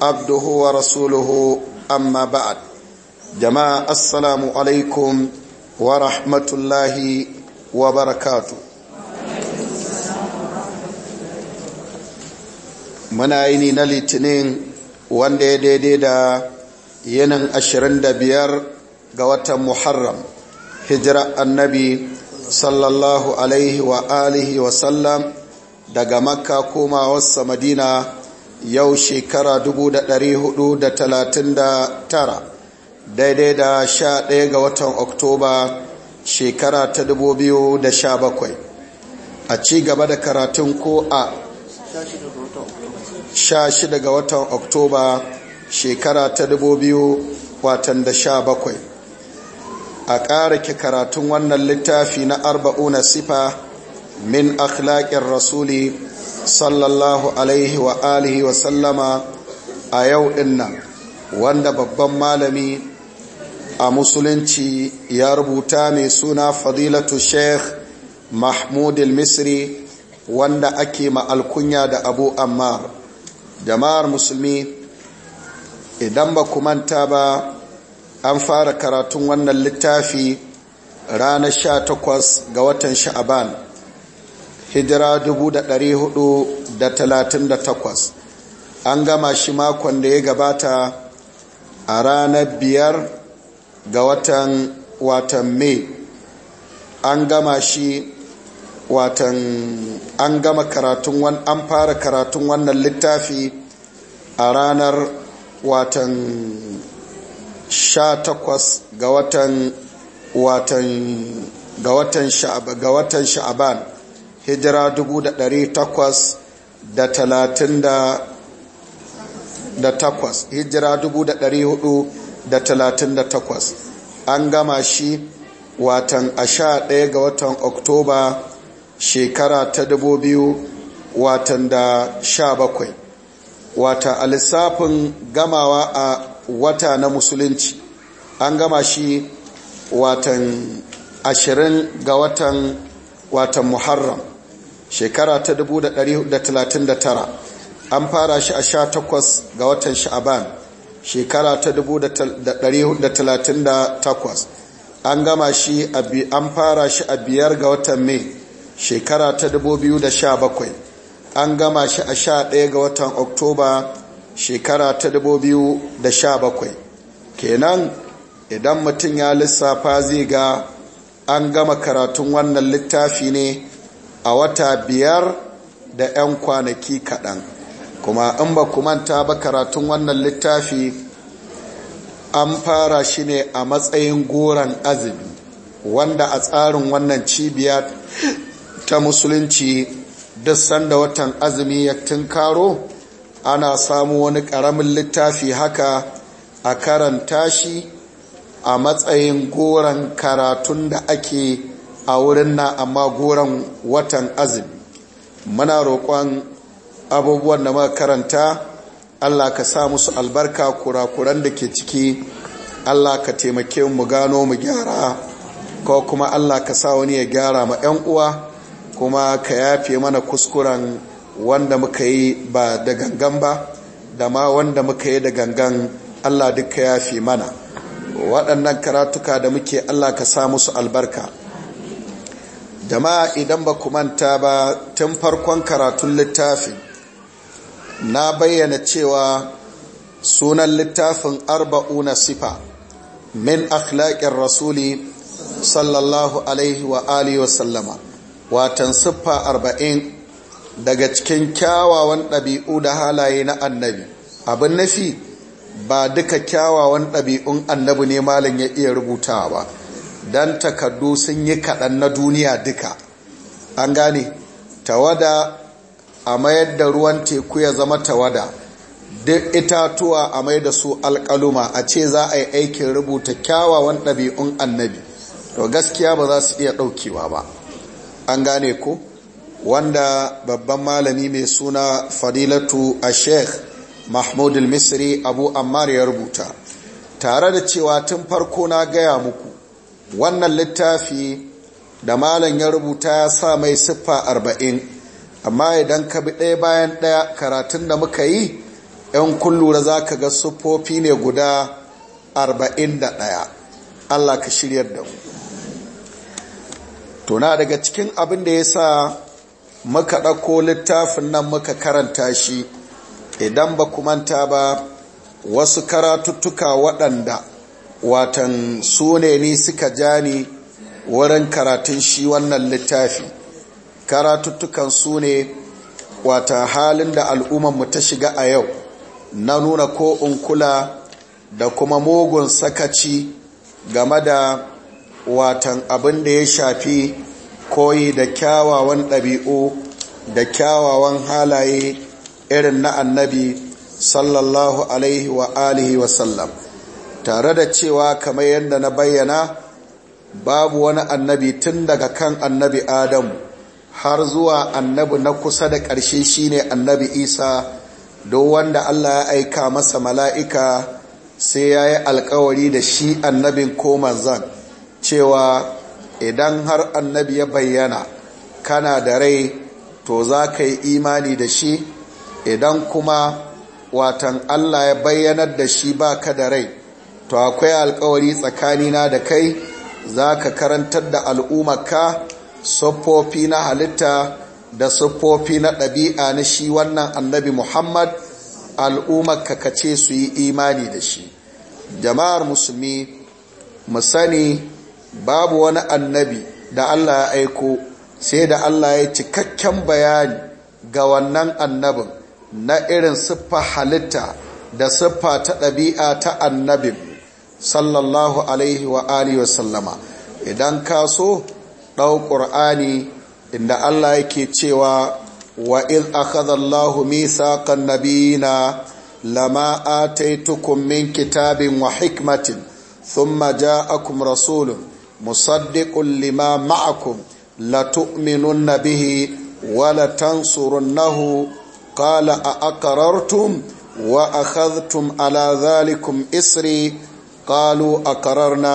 abduhu wa rasuluhu amma ba'ad jama'a assalamu alaikum wa rahmatullahi wa barakatu muna yini na litinin wanda ya daidai da yanin 25 ga watan muharram hijira annabi sallallahu wa alihi wa sallam daga makka komawarsa madina yau shekara 439 daidai da 11 ga watan oktoba shekara ta 2017 a ci gaba da karatun ko a 16 ga watan oktoba shekara ta 2017 a ƙara ke karatun wannan littafi na arba'una sifa min akhlaƙin rasuli sallallahu alaihi wa alihi wa sallama a yau dinnan wanda babban malami a musulunci ya rubuta mai suna fadilatu sheikh mahmud misri wanda ake ma'alkunya da abu ammar jama'ar musulmi idan ba ku manta ba an fara karatun wannan littafi ranar 18 ga watan sha'aban hijira 438 an gama shi makon da ya gabata a ranar 5 ga watan watan mai an gama shi watan an gama karatun wani an fara karatun wannan littafi a ranar watan 18 ga watan watan ga watan sha'aban hijira 1838 hijira 1438 an gama shi watan a sha ɗaya ga watan oktoba shekara ta dubu biyu watan da sha bakwai wata a lissafin gamawa a wata na musulunci an gama shi watan ashirin ga watan watan muharram shekara ta 1939 an fara shi a 18 ga watan sha'aban shekara ta 1938 an gama shi an fara shi a biyar ga watan mai shekara ta 2017 an gama shi a 11 ga watan oktoba shekara ta 2017 kenan idan mutum ya lissafa zai ga an gama karatun wannan littafi ne a wata biyar da 'yan kwanaki kaɗan kuma in ba manta ba karatun wannan littafi an fara shi ne a matsayin goron azumi wanda a tsarin wannan cibiya ta musulunci duk sanda watan azumi ya tunkaro ana samu wani ƙaramin littafi haka a karanta shi a matsayin goron karatun da ake a wurin na amma goron watan azumi muna roƙon abubuwan da muka karanta Allah ka sa musu albarka kurakuran da ke ciki Allah ka taimake mu gano mu gyara ko kuma Allah ka sa wani ya gyara ma 'yan uwa kuma ka yafe mana kuskuren wanda muka yi ba da gangan ba da ma wanda muka yi da gangan Allah duka yafe mana waɗannan karatuka da muke Allah ka sa musu albarka jama'a idan ba ku manta ba tun farkon karatun littafi na bayyana cewa sunan littafin arba'una sifa min akhlaƙin rasuli sallallahu alaihi wa alihi wa sallama watan siffa arba'in daga cikin kyawawan ɗabi'u da halaye na annabi abin nafi ba duka kyawawan ɗabi'un annabi ne malin ya iya rubuta ba Dan takardu sun yi kaɗan na duniya duka an gane tawada a mayar da ruwan teku ya zama tawada duk itatuwa a mai da su alkaluma a ce za a yi aikin rubuta kyawawan ɗabi'un annabi to gaskiya ba za su iya ɗaukewa ba an gane ko wanda babban malami mai suna fadilatu a sheikh mahmudul misri abu ammar ya rubuta tare da cewa tun farko na gaya muku wannan littafi da malam ya rubuta ya sa mai siffa arba'in amma idan ka bi ɗaya bayan ɗaya karatun da muka yi ‘yan kullura za ka ga siffofi ne guda arba'in da ɗaya allah ka shirya da mu tuna daga cikin abin da ya sa muka ɗauko littafin nan muka karanta shi idan ba kumanta ba wasu karatuttuka waɗanda watan su ne ni suka ja wurin karatun shi wannan littafi karatuttukan su ne watan halin da al'ummanmu ta shiga a yau na nuna ko in kula da kuma mugun sakaci game da watan abin da ya shafi koyi da kyawawan ɗabi'u da kyawawan halaye irin na annabi sallallahu alaihi wa alihi wasallam tare da cewa kamar yadda na bayyana babu wani annabi tun daga kan annabi adamu har zuwa annabi na kusa da ƙarshe shine annabi isa don wanda allah ya aika masa mala'ika sai ya yi alkawari da shi annabin ko manzan cewa idan har annabi ya bayyana kana da rai to za ka yi imani da shi idan kuma watan allah ya bayyanar da shi ba ka da rai to akwai alkawari tsakanina da kai za ka karantar da ka siffofi na halitta da siffofi na ɗabi'a na shi wannan annabi muhammad al'umarka ka ce su yi imani da shi jama'ar musulmi mu sani babu wani annabi da allah ya aiko sai da allah ya cikakken bayani ga wannan annabin na irin siffa halitta da siffa ta ɗabi'a ta annabin sallallahu alaihi wa alihi wasallama idan ka so ɗau ƙur'ani inda Allah yake cewa wa iz akhadha Allahu mithaqan nabiyina lama ataitukum min kitabin wa hikmatin thumma ja'akum rasulun musaddiqun lima ma'akum la tu'minunna bihi wa la tansurunnahu qala a aqrartum wa akhadhtum ala dhalikum isri qalu aqrarna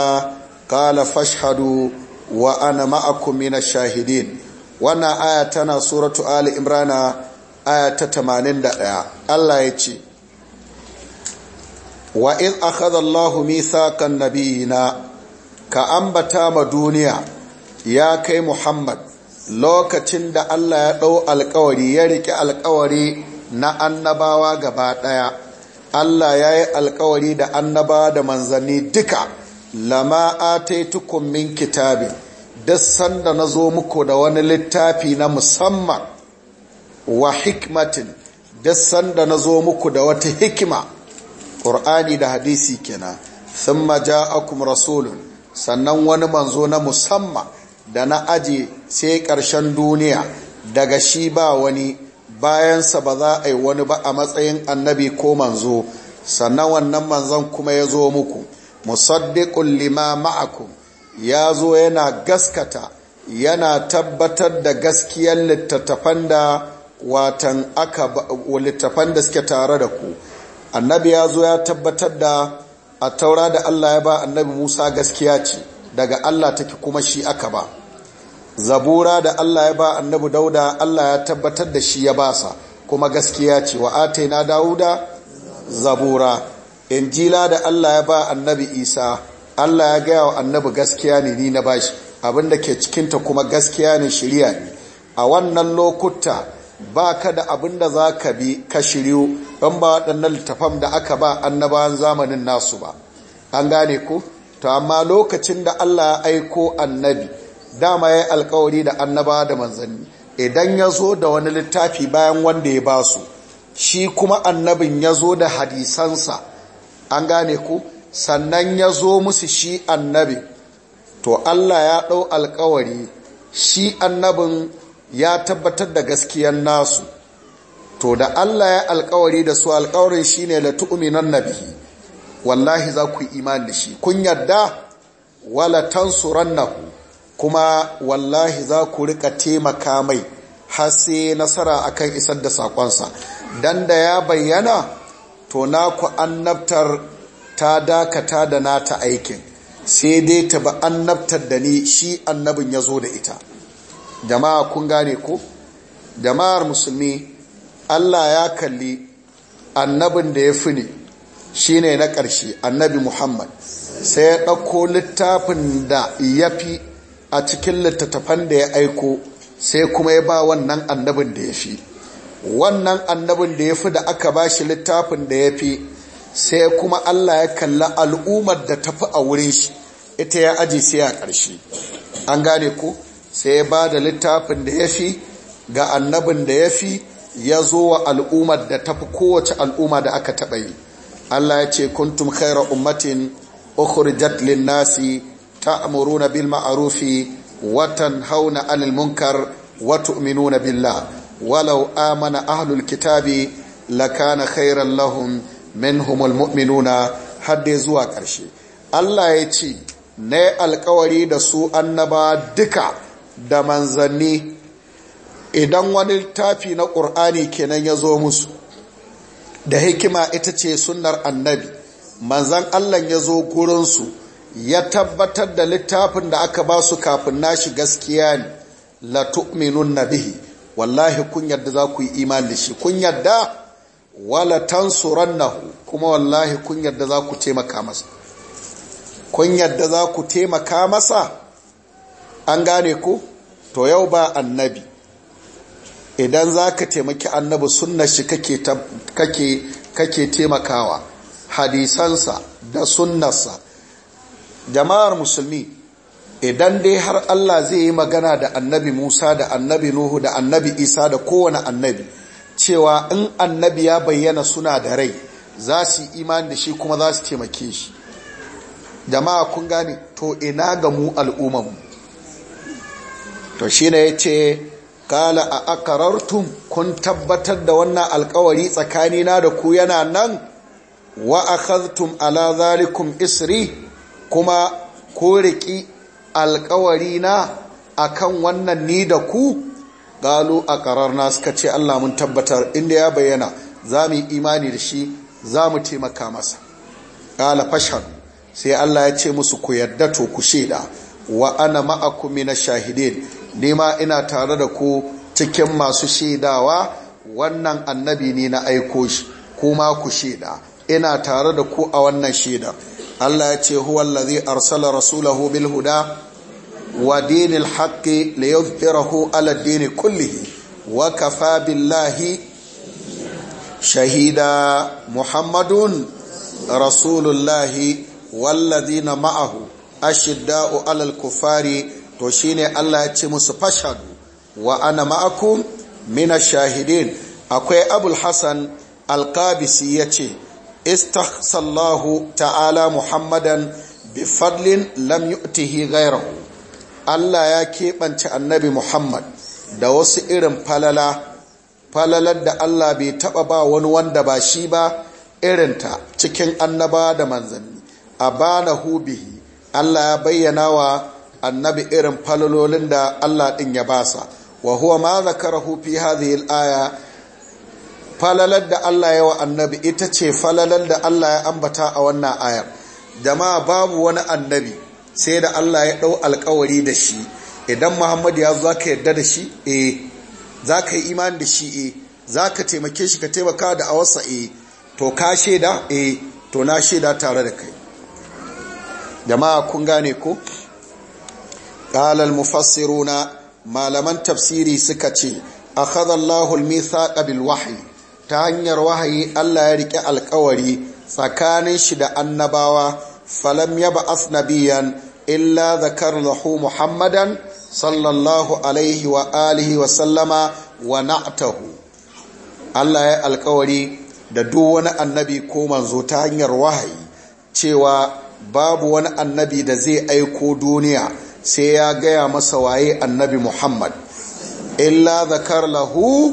qala fashhadu wa ana ma'akum minash shahidin wannan aya tana suratu ali imrana aya ta 81 Allah ya ce wa in akhadha Allahu mithaqan nabiyina ka ambata ma duniya ya kai Muhammad lokacin da Allah ya ɗau alkawari ya rike alkawari na annabawa gaba ɗaya Allah ya yi alkawari da annaba da manzanni duka lama taitukun min kitabi duk sanda na zo muku da wani littafi na musamman wa hikmatin duk sanda na zo muku da wata hikima ƙur'ani da hadisi kenan sun maja'akum rasulun sannan wani manzo na musamman da na aji sai ƙarshen duniya daga shi ba wani bayansa ba za a yi wani ba a matsayin annabi ko manzo sannan wannan manzon kuma ya zo muku musaddiqun lima ma'akum ya zo yana gaskata yana tabbatar da gaskiyar littattafan da watan aka littattafan da suke tare da ku annabi ya zo ya tabbatar da a taura da Allah ya ba annabi Musa gaskiya ce daga Allah take kuma shi aka ba zabura da Allah ya ba annabi dauda Allah ya tabbatar da shi ya basa kuma gaskiya ce wa ataina dauda zabura injila da Allah ya ba annabi isa Allah ya gaya wa annabi gaskiya ne ni na bashi abinda ke cikinta kuma gaskiya ne shirya ne a wannan lokuta ba ka da abinda za ka bi ka shiryu in ba waɗannan littafan da aka ba annabawan zamanin nasu ba an gane ku to amma lokacin da Allah ya aiko annabi dama ya yi alkawari da annaba da manzanni idan ya zo da wani littafi bayan wanda ya ba su shi kuma annabin ya zo da hadisansa an gane ku sannan ya zo musu shi annabi to Allah ya ɗau alkawari shi annabin ya tabbatar da gaskiyar nasu to da Allah ya alkawari da su alkawarin shi ne da tu'uminan nabihi wallahi za ku yi imani da shi kun yarda wala ku. kuma wallahi za ku rika taimaka mai har sai nasara akan isar da sakonsa dan da ya bayyana to na ku annabtar ta dakata da nata aikin sai dai ta ba annabtar da ni shi annabin ya zo da ita jama'a kun gane ku? jama'ar musulmi Allah ya kalli annabin da ya fi ne shi na ƙarshe annabi muhammad sai ya ɗauko littafin da ya fi a cikin littattafan da ya aiko sai kuma ya ba wannan annabin da ya fi wannan annabin da ya fi da aka ba shi littafin da ya fi sai kuma Allah ya kalla al'ummar da tafi a wurin shi ita ya aji sai a ƙarshe an gane ku sai ya ba da littafin da ya fi ga annabin da ya fi ya zo wa al'ummar da tafi kowace al'umma da aka taɓa yi Allah ya ce kuntum khaira ummatin ukhrijat lin-nasi ta'muruna bil ma'rufi wa tanhauna 'anil munkar wa tu'minuna billah walau amana ahlul kitabi lakana khairan lahum minhumul mu'minuna hadde zuwa ƙarshe Allah ya ce na alkawari da su annaba duka da manzanni idan wani littafi na ƙur'ani kenan ya zo musu da hikima ita ce sunnar annabi manzan Allah ya zo su ya tabbatar da littafin da aka ba su kafin nashi gaskiya ne la tu'minun bihi wallahi kun yadda za ku yi imani da shi kun yadda wala tansurannahu kuma wallahi kun yadda za ku taimaka masa kun yadda za ku taimaka masa an gane ku to yau ba annabi idan za ka taimaki annabi sunna shi kake taimakawa hadisansa da sunnarsa jama'ar musulmi idan dai har Allah zai yi magana da annabi Musa da annabi Nuhu da annabi Isa da kowane annabi cewa in annabi ya bayyana suna da rai za su imani da shi kuma za su taimake shi jama'a kun gane to ina ga mu al'ummanmu to shi ne ya ce kala a akarartun kun tabbatar da wannan alkawari tsakanina da ku yana nan wa akhadtum ala zalikum isri kuma ko riki alkawari na akan wannan ni da ku galu a karar na suka ce Allah mun tabbatar inda ya bayyana za mu yi imani da shi za mu taimaka masa kala fashar sai Allah ya ce musu ku yadda to ku shaida wa ana ma'akum min shahidin nima ina tare da ku cikin masu shaidawa wannan annabi ne na aiko shi kuma ku shaida ina tare da ku a wannan shaidar Allah ya ce huwa allazi arsala rasulahu bil huda wa dinil haqqi liyuzhirahu ala dini kullihi wa kafa billahi shahida muhammadun rasulullahi wallazina ma'ahu ashidda'u alal kufari to shine Allah ya ce musu fashadu wa ana ma'akum mina shahidin akwai abul hasan alqabisi yace Istasallahu ta'ala muhammadan bi fadlin lam yu'tihi ghayrahu Allah ya keɓance annabi Muhammad da wasu irin falala falalar da Allah bai taɓa ba wani wanda ba shi ba irinta cikin annaba da manzanni a bana hubihi Allah ya bayyana wa annabi irin falalolin da Allah ɗin ya basa wa huwa ma zakarahu fi hadhihi al-aya falalar da Allah ya wa annabi ita ce falalar da Allah ya ambata a wannan ayar jama'a babu wani annabi sai da Allah ya ɗau alkawari da shi idan Muhammad ya zo ka yarda da shi e za ka yi imani da shi e za ka taimake shi ka taimaka da wasa e eh. to ka shaida e to na shaida tare da kai jama'a kun gane ko ƙalal mufassiruna malaman tafsiri suka ce a Allahu al-mithaqa wahyi ta hanyar wahayi Allah ya rike alkawari tsakanin shi da annabawa falam ya ba'as nabiyan illa lahu muhammadan sallallahu alaihi wa alihi wa sallama wa na'tahu Allah ya alkawari da duk wani annabi ko manzo ta hanyar wahayi cewa babu wani annabi da zai aiko duniya sai ya gaya masa waye annabi Muhammad illa zakar lahu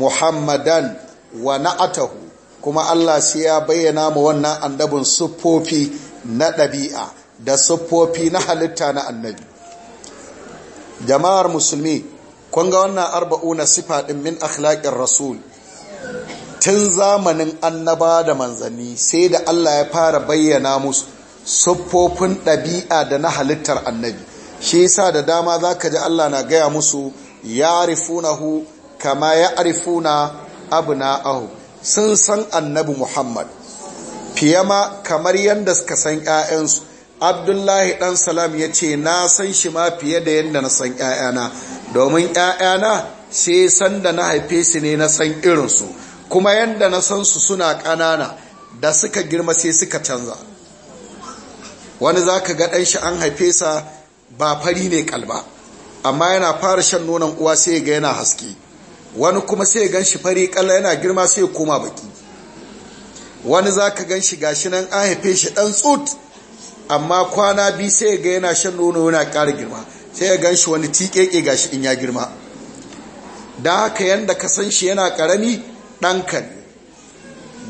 Muhammadan wa na'atahu kuma Allah sai ya bayyana mu wannan annabin siffofi na ɗabi'a da siffofi na halitta na annabi jama'ar musulmi kun ga wannan arba'una sifa ɗin min akhlaqir rasul tun zamanin annaba da manzanni sai da Allah ya fara bayyana musu siffofin ɗabi'a da na halittar annabi shi yasa da dama zaka ji Allah na gaya musu ya ya'rifunahu kama ya ya'rifuna abuna ahu sun san annabi muhammad fiye ma kamar yadda suka san 'ya'yansu abdullahi ɗan salam ya ce na san shi ma fiye da yadda na san 'ya'yana domin 'ya'yana sai san da na haife su ne na san irinsu kuma yadda na san su suna ƙanana da suka girma sai suka canza wani za ka ga shi an haife sa ba fari ne kalba amma yana fara shan nonon uwa sai ga yana haske wani kuma sai ya ganshi fari kalla yana girma sai ya koma baki wani za ka gan shi gashi nan an haife shi ɗan tsut amma kwana bi sai ga yana shan nono yana ƙara girma sai ya gan shi wani tikeke gashi in ya girma da haka yanda ka san shi yana karami ɗanka ne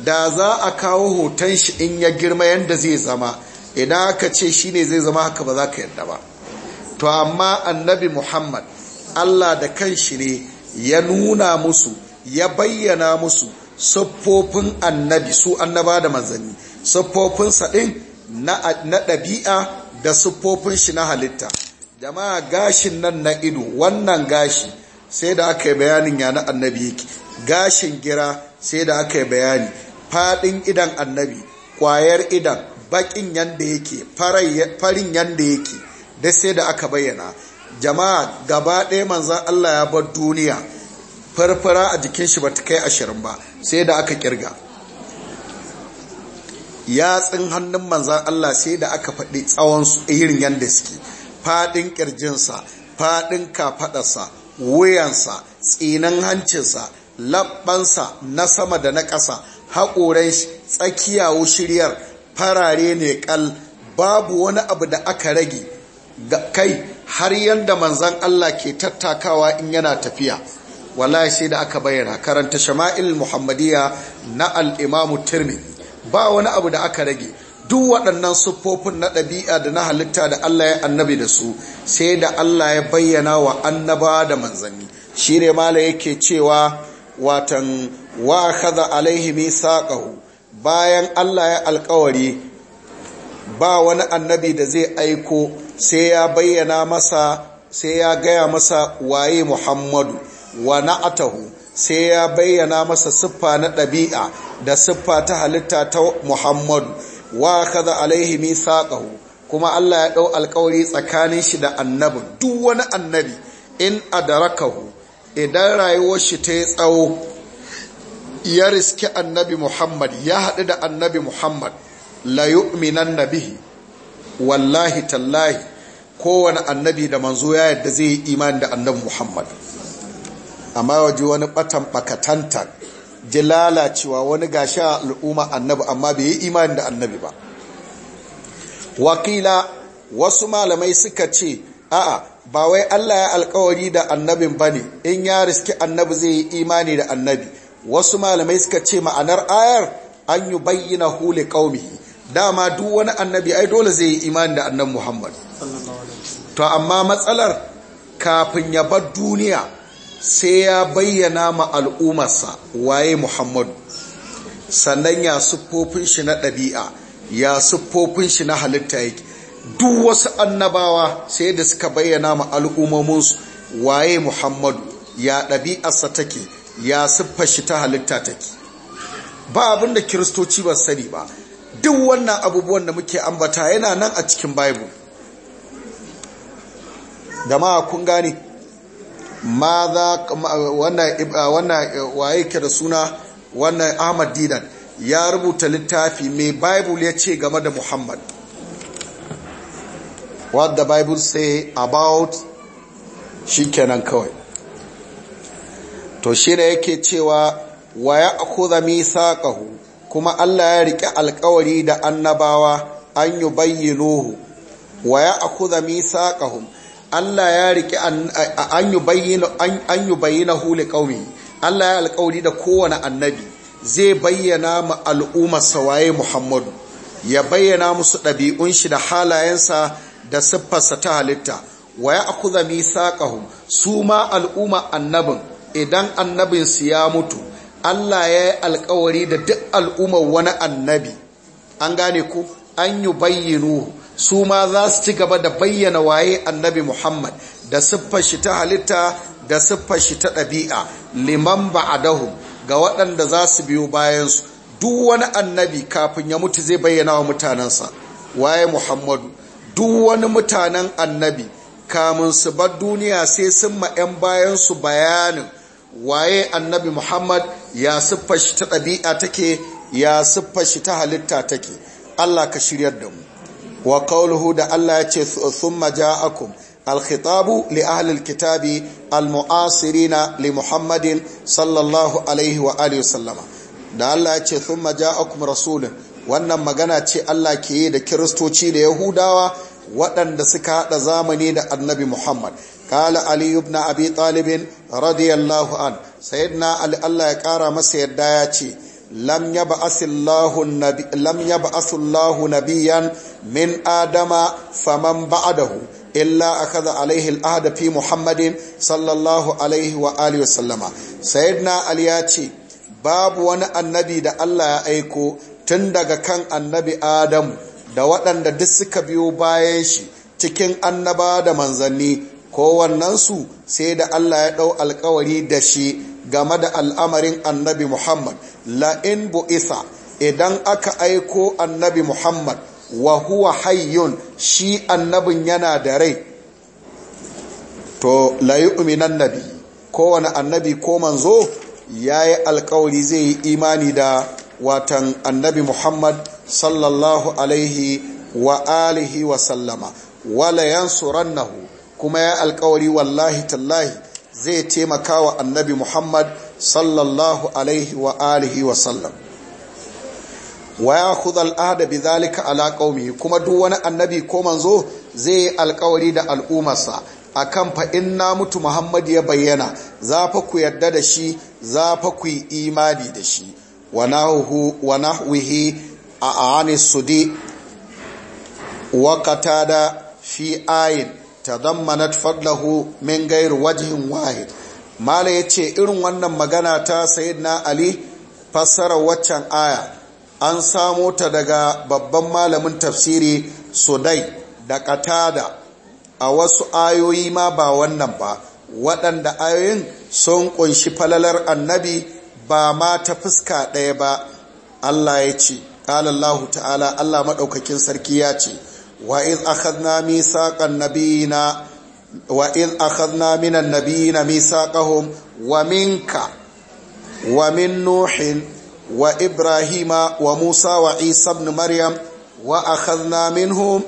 da za a kawo hoton shi in ya girma yanda zai zama idan aka ce shi ne zai zama haka ba za ka yadda ba to amma annabi muhammad allah da kan shi ne ya nuna musu ya bayyana musu siffofin annabi su annaba da manzani. siffofin ɗin na ɗabi'a da siffofin shi na halitta jama'a gashin nan na ido wannan gashi sai da aka yi bayanin ya annabi yake gashin gira sai da aka yi bayani faɗin idan annabi kwayar idan baƙin yanda yake farin yanda yake da sai da aka bayyana jama'a gaba ɗaya manzan Allah ya bar duniya farfara a jikin shi ba ta kai ashirin ba sai da aka kirga yatsun hannun manzan Allah sai da aka faɗi tsawon su irin yadda suke faɗin ƙirjinsa faɗin kafaɗarsa wuyansa tsinan hancinsa labbansa na sama da na ƙasa haƙoran tsakiya shiryar farare ne ƙal babu wani abu da aka rage kai har yadda manzan Allah ke tattakawa in yana tafiya wallahi sai da aka bayyana karanta shama'il Muhammadiyya na al-imamu ba wani abu da aka rage duk waɗannan siffofin na ɗabi'a da na halitta da Allah ya annabi da su sai da Allah ya bayyana wa annaba da manzanni shi ne mala yake cewa watan wa kaza alaihi misaqahu bayan Allah ya alƙawari ba wani annabi da zai aiko sai ya bayyana masa sai ya gaya masa waye muhammadu wa atahu sai ya bayyana masa siffa na ɗabi'a da siffa ta halitta ta muhammadu wa kaza alaihi misaqahu kuma Allah ya ɗau alkawari tsakanin shi da annabi duk wani annabi in a adarakahu idan rayuwar shi ta yi tsawo ya riski annabi muhammad ya haɗu da annabi muhammad la yu'minan nabihi wallahi tallahi kowane annabi da manzo ya yadda zai yi imani da annabi muhammad amma waje wani batan bakatanta ji lalacewa wani gashi a al'umma annabi amma bai yi imani da annabi ba wakila wasu malamai suka ce a'a ba wai allah ya alkawari da annabin ba ne in ya riski annabi zai yi imani da annabi wasu malamai suka ce ma'anar ayar an yi bayyana hule ƙaumihi dama duk wani annabi ai dole zai yi imani da annan muhammad to amma matsalar kafin ya bar duniya sai ya bayyana ma al'umarsa waye muhammadu sannan ya siffofin shi na ɗabi'a ya siffofin shi na halitta yake duk wasu annabawa sai da suka bayyana ma al'ummominsu waye muhammadu ya ɗabi'arsa take ya siffa shi ta halitta take ba abinda kiristoci ba sani ba duk wannan abubuwan da muke ambata yana nan a cikin baibu da ma kun gane ma za wannan uh, uh, waye ke da suna wannan ahmad didan ya rubuta littafi mai baibul ya ce game da muhammad what the bible say about shi kenan kawai to shi ne yake cewa wa ya akuza misaƙahu kuma Allah ya riƙe alkawari da annabawa an yi bayyinuhu wa ya akuza Allah ya riƙe an yi bayyana na ƙaumi Allah ya alkawari da kowane annabi zai bayyana ma al'umma sawaye Muhammadu ya bayyana musu ɗabi'un shi da halayensa da siffarsa ta halitta wa ya akuza misaqahum su ma al'umma annabin idan annabinsu ya mutu Allah ya yi alkawari da duk al'ummar wani annabi an gane ku an yi bayyano su ma za su ci gaba da bayyana waye annabi Muhammad da siffar shi ta halitta da siffar shi ta ɗabi'a liman ba'adahu ga waɗanda za su biyo bayansu duk wani annabi kafin ya mutu zai bayyana wa mutanensa waye Muhammadu duk wani mutanen annabi kamun su bar duniya sai sun ma 'yan bayansu bayanin waye annabi Muhammad ya siffa shi ta ɗabi'a take ya siffa shi ta halitta take Allah ka shiryar da mu wa kawulhu da Allah ya ce sun maja al alkhitabu li ahli kitabi al-mu'asirina li Muhammadin sallallahu alaihi wa alihi sallama da Allah ya ce sun maja ja'akum rasulun wannan magana ce Allah ke yi da kiristoci da yahudawa waɗanda suka haɗa zamani da annabi Muhammad kala ali ibn abi talibin radiyallahu an sayyidina ali Allah ya kara masa yadda ya ce lam allahu nabiyan min adama faman ba'adahu illa akhadha alaihi al muhammadin sallallahu alaihi wa alihi wa sayyidina ali ya ce babu wani annabi da Allah ya aiko tun daga kan annabi adamu da waɗanda duk suka biyo bayan shi cikin annaba da manzanni kowannensu sai da Allah ya ɗau alkawari da shi game da al'amarin annabi Muhammad la'in bu isa idan aka aiko annabi Muhammad wa huwa hayyun shi annabin yana da rai to layi uminan nabi kowane annabi ko manzo ya yi alkawari zai yi imani da watan annabi Muhammad sallallahu alaihi wa alihi wa sallama wala rannahu. kuma ya alkawari wallahi tallahi zai taimaka wa annabi Muhammad sallallahu alaihi wa alihi wa sallam wa ya khudha al'ada bi zalika ala kuma duk wani annabi ko manzo zai yi alkawari da al'umarsa akan fa na mutu Muhammad ya bayyana za fa ku yarda da shi za fa ku yi imani da shi wa nahu wa a anis sudi wa fi ayin tadammanat fadlahu min gairi wajhin wahid mala yace irin wannan magana ta sayyidina ali fassara waccan aya an samo ta daga babban malamin tafsiri sudai da katada a wasu ayoyi ma ba wannan ba waɗanda ayoyin sun kunshi falalar annabi ba ma ta fuska ɗaya ba Allah ya ce ƙalallahu ta'ala Allah maɗaukakin sarki ya ce wa iz akhadna mithaqan nabiyina wa iz akhadna minan nabiyina mithaqahum wa minka wa min nuhin wa ibrahima wa musa wa isa maryam wa akhadna minhum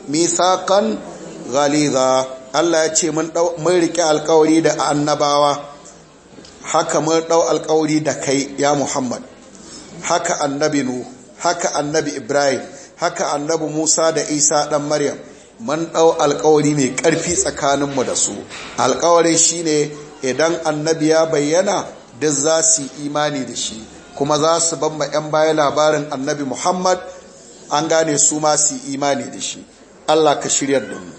Allah ya ce mun riƙe alƙawari da annabawa haka mun ɗau alƙawari da kai ya Muhammad haka annabi Nuh haka annabi Ibrahim haka annabi Musa da Isa dan Maryam man dau alƙawari mai ƙarfi tsakaninmu da su alƙawarin shine idan annabi ya bayyana duk za su imani da shi kuma za su ma 'yan baya labarin annabi Muhammad an gane su ma su imani da shi Allah ka shiryar da mu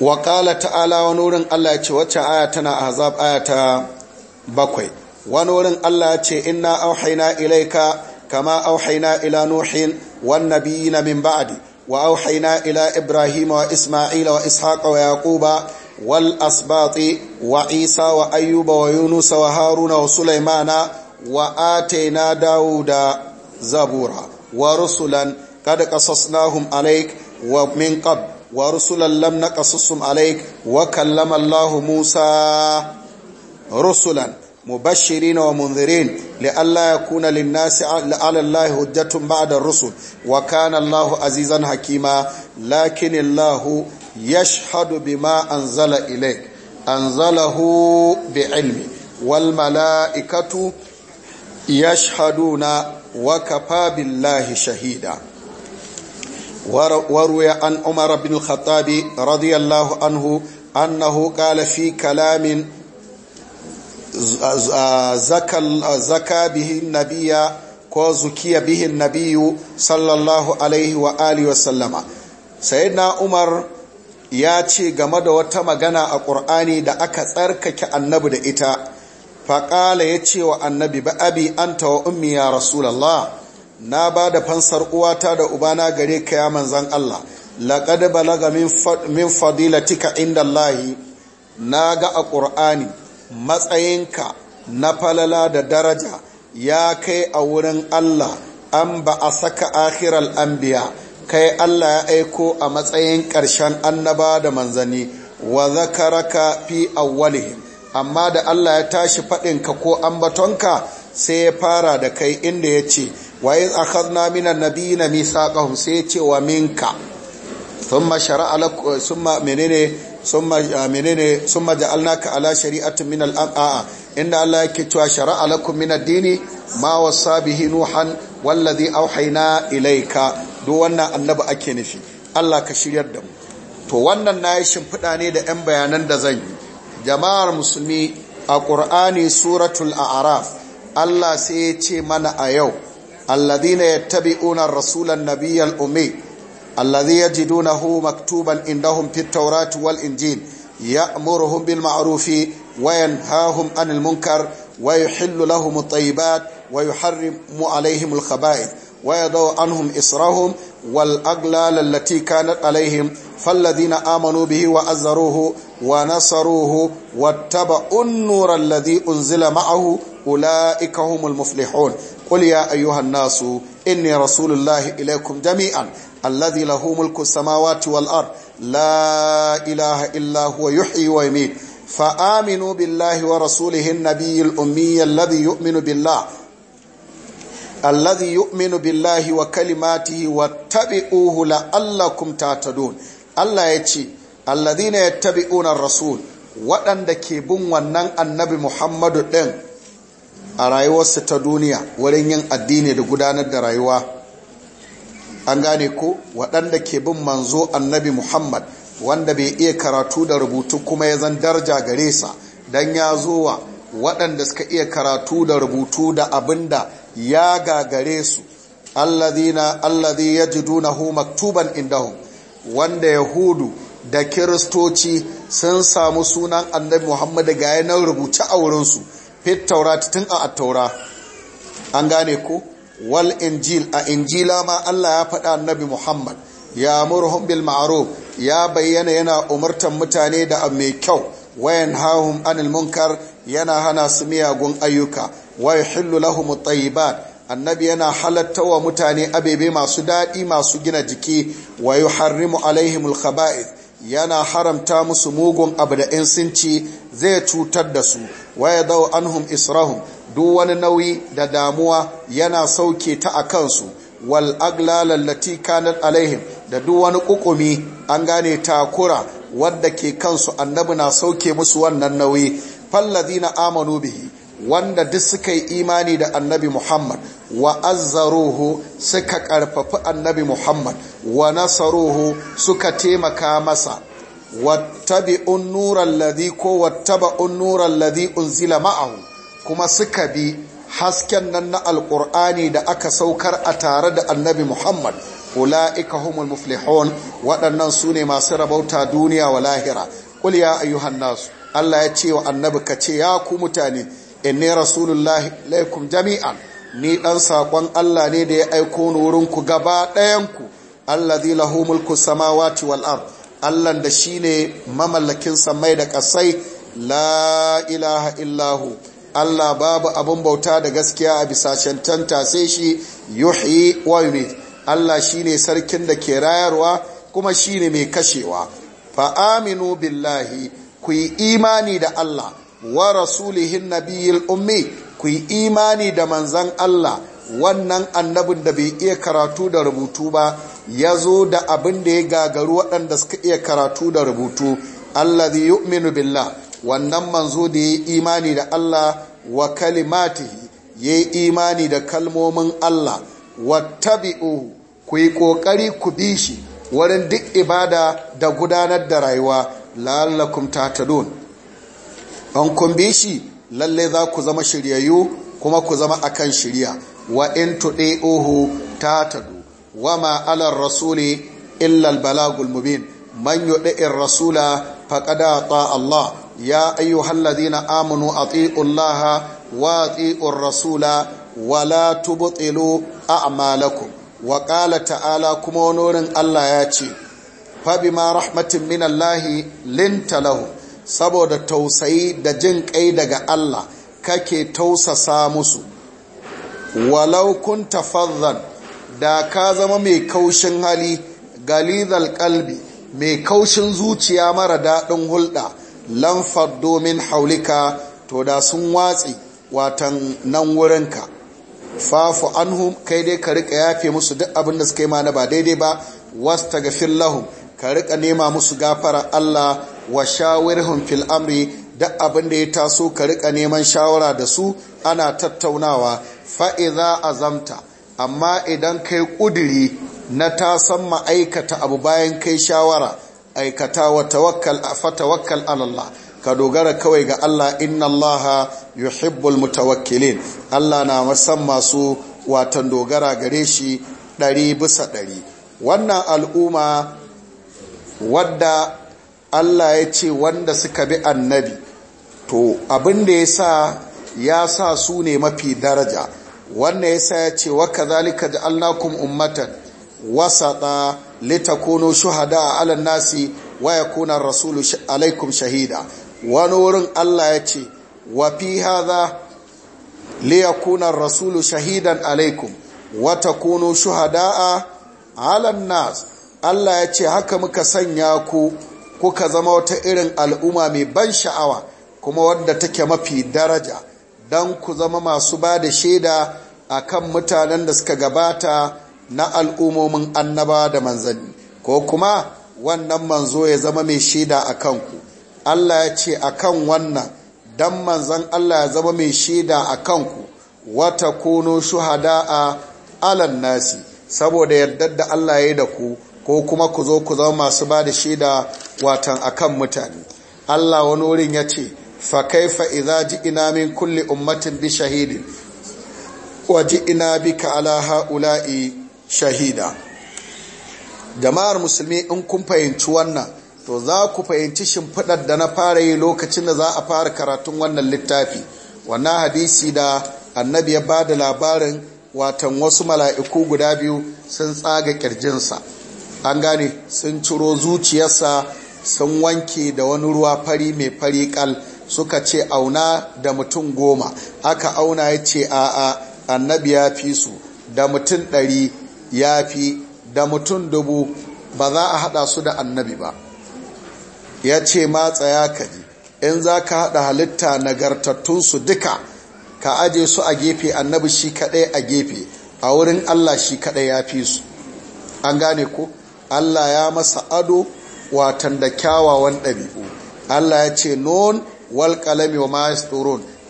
wa ta'ala wa nurin Allah ya ce wacce aya tana azab aya ta bakwai wani wurin Allah ya ce inna auhaina ilaika kama auhaina ila nuhin wan nabiyina min ba'di wa auhaina ila ibrahima wa isma'ila wa ishaqa wa yaquba wal asbati wa isa wa ayyuba wa yunusa wa haruna wa sulaimana wa ataina dauda zabura wa rusulan qad qasasnahum alayk wa min qabl wa rusulan lam naqassum alaik wa kallama Allah Musa rusulan مبشرين ومنذرين لئلا يكون للناس على الله حجة بعد الرسل وكان الله عزيزا حكيما لكن الله يشهد بما أنزل إليك أنزله بعلمه والملائكة يشهدون وكفى بالله شهيدا وروي عن عمر بن الخطاب رضي الله عنه أنه قال في كلام zaka bihin nabiya ko zukiya bihin nabiyu sallallahu alaihi wa alihi wasallama na umar ya ce game da wata magana a ƙur'ani da aka tsarkake annabi da ita faƙala ya ce wa annabi ba abi anta wa ummi ya rasulallah na ba da fansar uwata da ubana gare ka ya manzan Allah laƙad balaga min fadilatika inda Allahi na ga a ƙur'ani matsayinka na falala da daraja ya kai a wurin Allah an ba a saka akhiral anbiya kai Allah ya aiko a matsayin ƙarshen annaba da manzani wa zakaraka fi awwalihim amma da Allah ya tashi faɗinka ko ambatonka sai ya fara da kai inda ya ce wa yi akhadna minan nabiyina mithaqahum sai ya ce wa minka thumma shara'a lakum thumma menene Sun maja alnaka ala shari'atun min al'a'a inda Allah Allah ke cewa shara'a lakum min addini ma wasa bihi nuhan wallazi auhayna ilaika. duk wannan annabi ake nufi Allah ka shiryar da mu to wannan na yi shimfiɗa ne da 'yan bayanan da zan yi jama'ar musulmi a ƙur'ani suratul a'raf Allah sai ya ce mana a yau alladhina yattabi'una rasulan nabiyyal ummi الذي يجدونه مكتوبا عندهم في التوراة والإنجيل يأمرهم بالمعروف وينهاهم عن المنكر ويحل لهم الطيبات ويحرم عليهم الخبائث ويضع عنهم إسرهم والأغلال التي كانت عليهم فالذين آمنوا به وأزروه ونصروه واتبعوا النور الذي أنزل معه أولئك هم المفلحون قل يا أيها الناس إني رسول الله إليكم جميعا alladhi lahu mulku samawati wal ard la ilaha illa huwa yuhyi wa yumiit fa aminu billahi wa rasulihi an-nabiyil ummiy alladhi yu'minu billah alladhi yu'minu billahi wa kalimatihi wattabi'uhu la'allakum tahtadun Allah ya ce alladhina yattabi'una na rasul waɗanda ke bin wannan annabi Muhammadu ɗin a rayuwarsu ta duniya wurin yin addini da gudanar da rayuwa an gane ko waɗanda ke bin manzo annabi muhammad wanda bai iya karatu da rubutu kuma ya zan darja gare sa don ya zowa waɗanda suka iya karatu da rubutu da abinda ya gagare su ji alladhi hu maktuban indahu wanda yahudu da kiristoci sun samu sunan annabi muhammad ga yanar rubuce a wurinsu fit taura tun a taura an gane ko wal injil a injila ma Allah ya faɗa annabi Muhammad ya murhum bil ma'ruf ya bayyana yana umartan mutane da abu mai kyau wayan hahum anil munkar yana hana su miyagun ayyuka wa yuhillu lahum at-tayyibat annabi yana halatta wa mutane abebe masu daɗi masu gina jiki wa yuharrimu alaihimul khaba'ith yana haramta musu mugun abu da in sun ci zai cutar da su wa yadau anhum israhum duk wani nauyi da damuwa yana sauke ta a kansu wal aglalallati kanat alaihim da duk wani kukumi an gane takura wadda ke kansu annabi na sauke musu wannan nauyi fallazina amanu bihi wanda duk suka yi imani da annabi Muhammad wa azzaruhu suka karfafi annabi Muhammad wa nasaruhu suka taimaka masa wattabi'un nuran ladhi ko wattaba'un nural ladhi unzila ma'ahu kuma suka bi hasken nan na alƙur'ani da aka saukar a tare da annabi muhammad ula'ika humul muflihon waɗannan su ne masu rabauta duniya wa lahira ƙul ya ayyuhan nasu allah ya ce wa annabi ka ce ya ku mutane inni rasulullahi laikum jami'an ni ɗan saƙon allah ne da ya aiko ni ku gaba ɗayanku allazi lahu mulku samawati wal ard allan da ne mamallakin samai da ƙasai la ilaha illahu Allah babu abin bauta da gaskiya a bisa cancanta sai shi yuhi wa yumit Allah shine sarkin da ke rayarwa kuma shine mai kashewa fa aminu billahi ku yi imani da Allah wa rasulihin nabiyil ummi ku yi imani da manzan Allah wannan annabin da bai iya karatu da rubutu ba ya zo da abin da ya gagaru waɗanda suka iya karatu da rubutu Allah allazi yu'minu billah wannan manzo da ya imani da Allah wa kalimatihi ya imani da kalmomin Allah wa tabi'u ku yi ƙoƙari ku bi shi wurin duk ibada da gudanar da rayuwa la'allakum tahtadun an kun bi shi lalle za ku zama shiryayyu kuma ku zama akan shirya wa in tudi'uhu tahtadu wa ma 'ala rasuli illa al-balagul mubin man yudi'ir rasula faqad ata Allah يا أيها الذين آمنوا أطيعوا الله وأطيعوا الرسول ولا تبطلوا أعمالكم وقال تعالى كما نور الله ياتي فبما رحمة من الله لنت له saboda tausayi da jin kai daga Allah kake tausasa musu walau kunta faddan da ka zama mai kaushin hali galizal kalbi mai kaushin zuciya mara daɗin hulɗa lamfar domin haulika to da sun watsi watan nan wurinka fafu anhum kai dai ka rika yafe musu duk abin da suka yi mana ba daidai ba ta gafin lahum ka rika nema musu gafara Allah wa shawirhum fil amri duk abin da ya taso ka rika neman shawara da su ana tattaunawa fa'iza a zamta amma idan kai kuduri na ta san ma'aikata abu bayan kai shawara aikata wa tawakkal fa tawakkal ala Allah ka dogara kawai ga Allah inna Allah yuhibbul mutawakkilin Allah na masan masu watan dogara gare shi ɗari bisa ɗari wannan al'umma wadda Allah ya ce wanda suka bi annabi to abin da ya sa ya sa su ne mafi daraja wannan yasa sa ya ce wa kadhalika ja'alnakum ummatan wasata litakunu shuhada ala nasi wa yakuna rasulu alaikum shahida wani wurin Allah ya ce wa fi hadha liyakuna rasulu shahidan alaikum wa takunu shuhada ala nas Allah ya ce haka muka sanya ku kuka zama wata irin al'umma mai ban sha'awa kuma wadda take mafi daraja don ku zama masu ba da shaida a kan mutanen da suka gabata na al'umomin annaba da manzanni ko kuma wannan manzo ya zama mai shida a kanku Allah ya ce a kan wannan don manzan Allah ya zama mai shida a kanku wata kuno shuhada a alan nasi saboda yardar da Allah ya yi da ku ko kuma ku zo ku zama masu ba da shida watan a kan mutane Allah wani wurin ya ce fa kaifa idza ji'ina min kulli ummatin bi shahidin wa ina bika ala ha'ula'i shahida jama'ar musulmi in kun fahimci wannan to za ku fahimci shimfiɗar da na fara yi lokacin da za a fara karatun wannan littafi wannan hadisi da annabi ya ba da labarin watan wasu mala'iku guda biyu sun tsaga ƙirjinsa an gane sun ciro zuciyarsa sun wanke da wani ruwa fari mai fari kal suka ce auna da mutum goma aka auna ya ce a'a annabi ya fi su da mutum ɗari ya fi da mutum dubu ba za a haɗa su da annabi ba ya ce ma tsaya ka ji in za ka haɗa halitta su duka ka aje su a gefe annabi shi kadai a gefe a wurin allah shi kadai ya fi su an gane ko allah ya masa ado watan da kyawawan ɗabi'u allah ya ce non wal kalami wa ma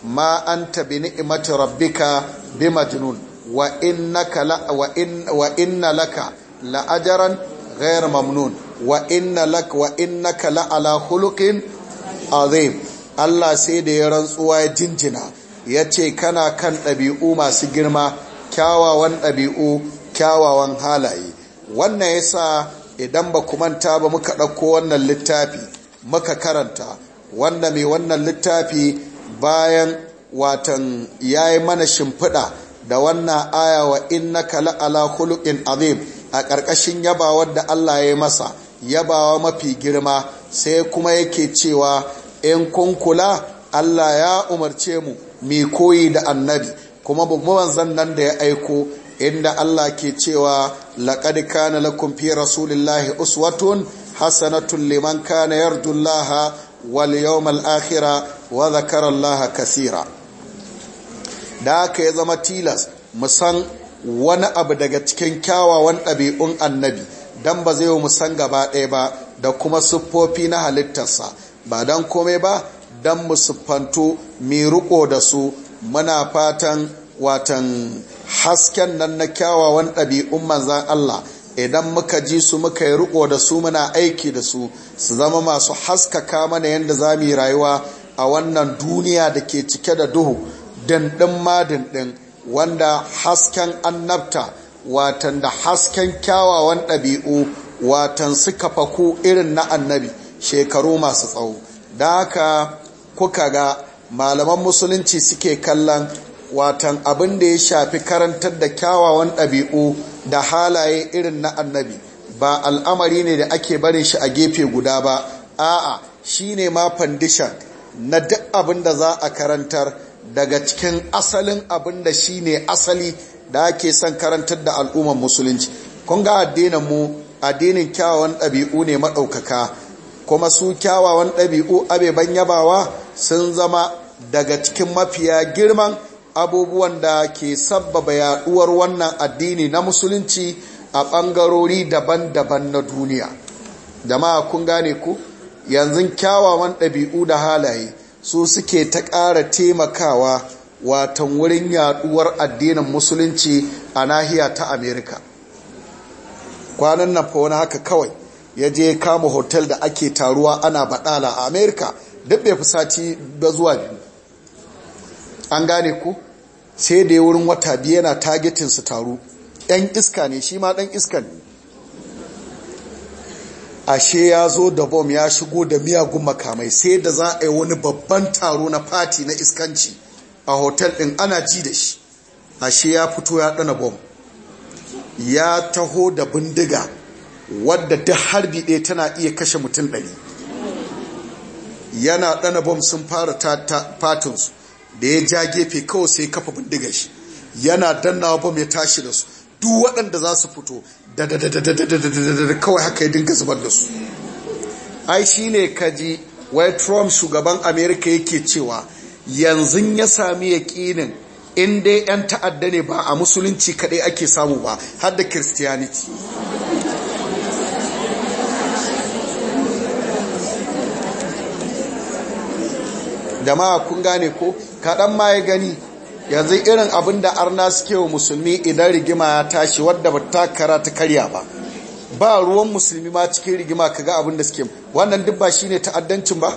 ma anta bi ni'imati rabbika bi majnun wa inna laka la ajran mamnun wa inna laka wa azim Allah sai da ya rantsuwa ya jinjina yace kana kan ɗabi'u masu girma kyawawan ɗabi'u kyawawan halaye wannan ya sa idan ba ku manta ba muka ɗauko wannan littafi muka karanta wanda mai wannan littafi bayan watan yi mana shimfiɗa da wannan aya wa kala la'ala khuluqin azim a ƙarƙashin yabawar da Allah ya yi masa yabawa mafi girma sai kuma yake cewa in kun kula Allah ya umarce mu mi koyi da annabi kuma bugmuwan zannan da ya aiko inda Allah ke cewa laqad kana lakum fi rasulillahi uswatun hasanatun liman kana yarjullaha wal yawmal akhirah wa dhakara Allah kaseera da aka ya zama tilas musan wani abu daga cikin kyawawan ɗabi'un annabi don ba zai mu san gaba ɗaya ba da kuma siffofi na halittarsa ba don komai ba don mu mai riko da su muna fatan watan hasken nan na kyawawan ɗabi'un manzan Allah idan muka ji su muka yi riko da su muna aiki da su su zama masu haskaka mana yadda za mu yi rayuwa a wannan duniya da ke cike da duhu dandan madandin wanda hasken annabta watan da hasken kyawawan ɗabi'u watan suka faku irin na annabi shekaru masu tsawo da haka kuka ga malaman musulunci suke kallon watan abin da ya shafi karantar da kyawawan ɗabi'u da halaye irin na annabi ba al'amari ne da ake barin shi a gefe guda ba a'a shine ma fandishan na duk abin da za a karantar daga cikin asalin abin da shi ne asali da ake son karantar da al'ummar musulunci kun ga addinin mu addinin kyawawan ɗabi'u ne maɗaukaka kuma su kyawawan ɗabi'u abeban yabawa sun zama daga cikin mafiya girman abubuwan da ke sabbaba yaɗuwar wannan addini na musulunci a ɓangarori daban-daban na duniya jama'a kun gane ku yanzu kyawawan ɗabi'u da halaye su suke ta ƙara taimakawa watan wurin yaduwar addinin musulunci a nahiya ta amerika kwanan na fauna haka kawai ya je kama hotel da ake taruwa ana baɗala a amerika duk bai fi sati ba zuwa biyu an gane ku sai da ya wurin wata biyu yana targetinsu su taru yan iska ne shi ma dan iska ne ashe ya zo da bom ya shigo da miyagun makamai sai da za a yi wani babban taro na fati na iskanci a hotel din ana ji da shi ashe ya fito ya ɗana bom ya taho da bindiga wadda duk harbi ɗaya tana iya kashe mutum ɗari yana ɗana bom sun fara fatinsu da ya ja gefe kawai sai kafa bindiga shi yana dannawa bom ya tashi da su duk waɗanda za su fito da kawai haka ya dinga zubar da su ai shi ne kaji wai trump shugaban amerika yake cewa yanzu ya sami yaƙinin in dai 'yan ta'adda ne ba a musulunci kaɗai ake samu ba har da christianity jama'a kun gane ko kaɗan ma ya gani yanzu irin abin da arna suke wa musulmi idan rigima ya tashi wadda ba ta kara ta karya ba ba ruwan musulmi ma cikin rigima kaga abin da suke wannan dubba shi shine ta'addancin ba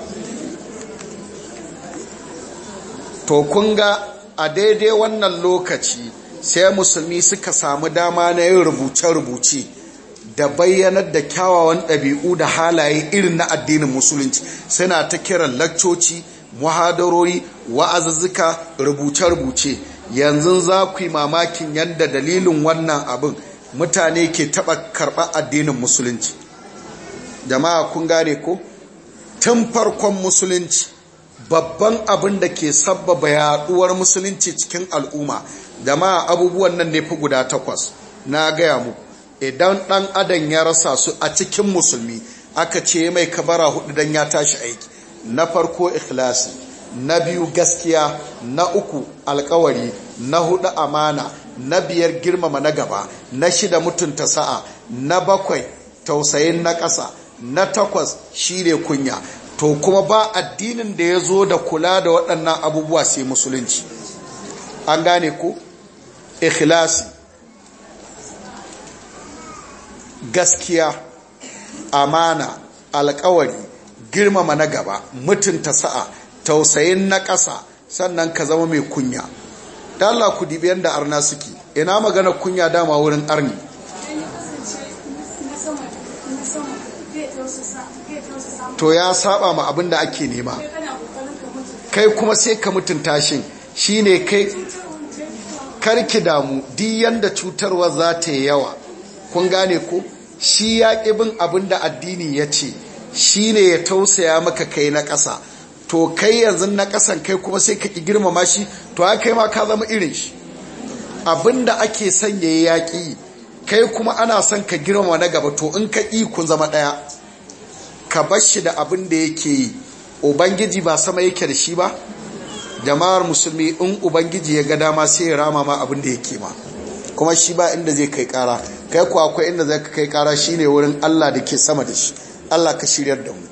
to kun ga a daidai wannan lokaci sai musulmi suka samu dama na yin rubuce-rubuce da bayyanar da kyawawan ɗabi'u da halaye irin na addinin musulunci suna ta kiran lakcoci muhadarori wa'azuzzuka rubuce-rubuce yanzu za ku yi mamakin yadda dalilin wannan abin mutane ke taɓa karba addinin musulunci jama'a kun gane ko tun farkon musulunci babban abin da ke sabbaba yaduwar musulunci cikin al'umma jama'a abubuwan nan ne fi guda takwas na gaya mu idan ɗan adam ya rasa su a cikin musulmi aka ce mai kabara hudu don ya tashi aiki na farko ikhlasi na biyu gaskiya na uku alkawari na hudu amana na biyar girmama na gaba na shida mutunta sa'a na bakwai tausayin na ƙasa na takwas shine kunya to kuma ba addinin da ya zo da kula da waɗannan abubuwa sai musulunci an gane ku ikhlasi gaskiya amana alkawari girmama na gaba mutunta sa'a tausayin na ƙasa sannan ka zama mai kunya da Allah ku dibi yanda arna suke ina magana kunya dama wurin arni to ya saba ma abin da ake nema kai kuma sai ka mutunta shi shine kai karki damu di yanda cutarwa za ta yi yawa kun gane ko shi ya ƙi bin abin da addini ya ce Shi ne ya tausaya maka kai na ƙasa to kai yanzu na ƙasan kai kuma sai ka ki girmama shi to ya kai ma ka zama irin shi abinda ake son ya yaƙi kai kuma ana son ka girmama na gaba to in ka ƙi kun zama ɗaya ka bar shi da abin da yake yi ubangiji ba sama yake da shi ba jama'ar musulmi in ubangiji ya ga dama sai ya rama ma abin da yake ma kuma shi ba inda zai kai kara kai ku akwai inda zai kai kara shine wurin Allah da ke sama da shi Allah ka shiryar da mu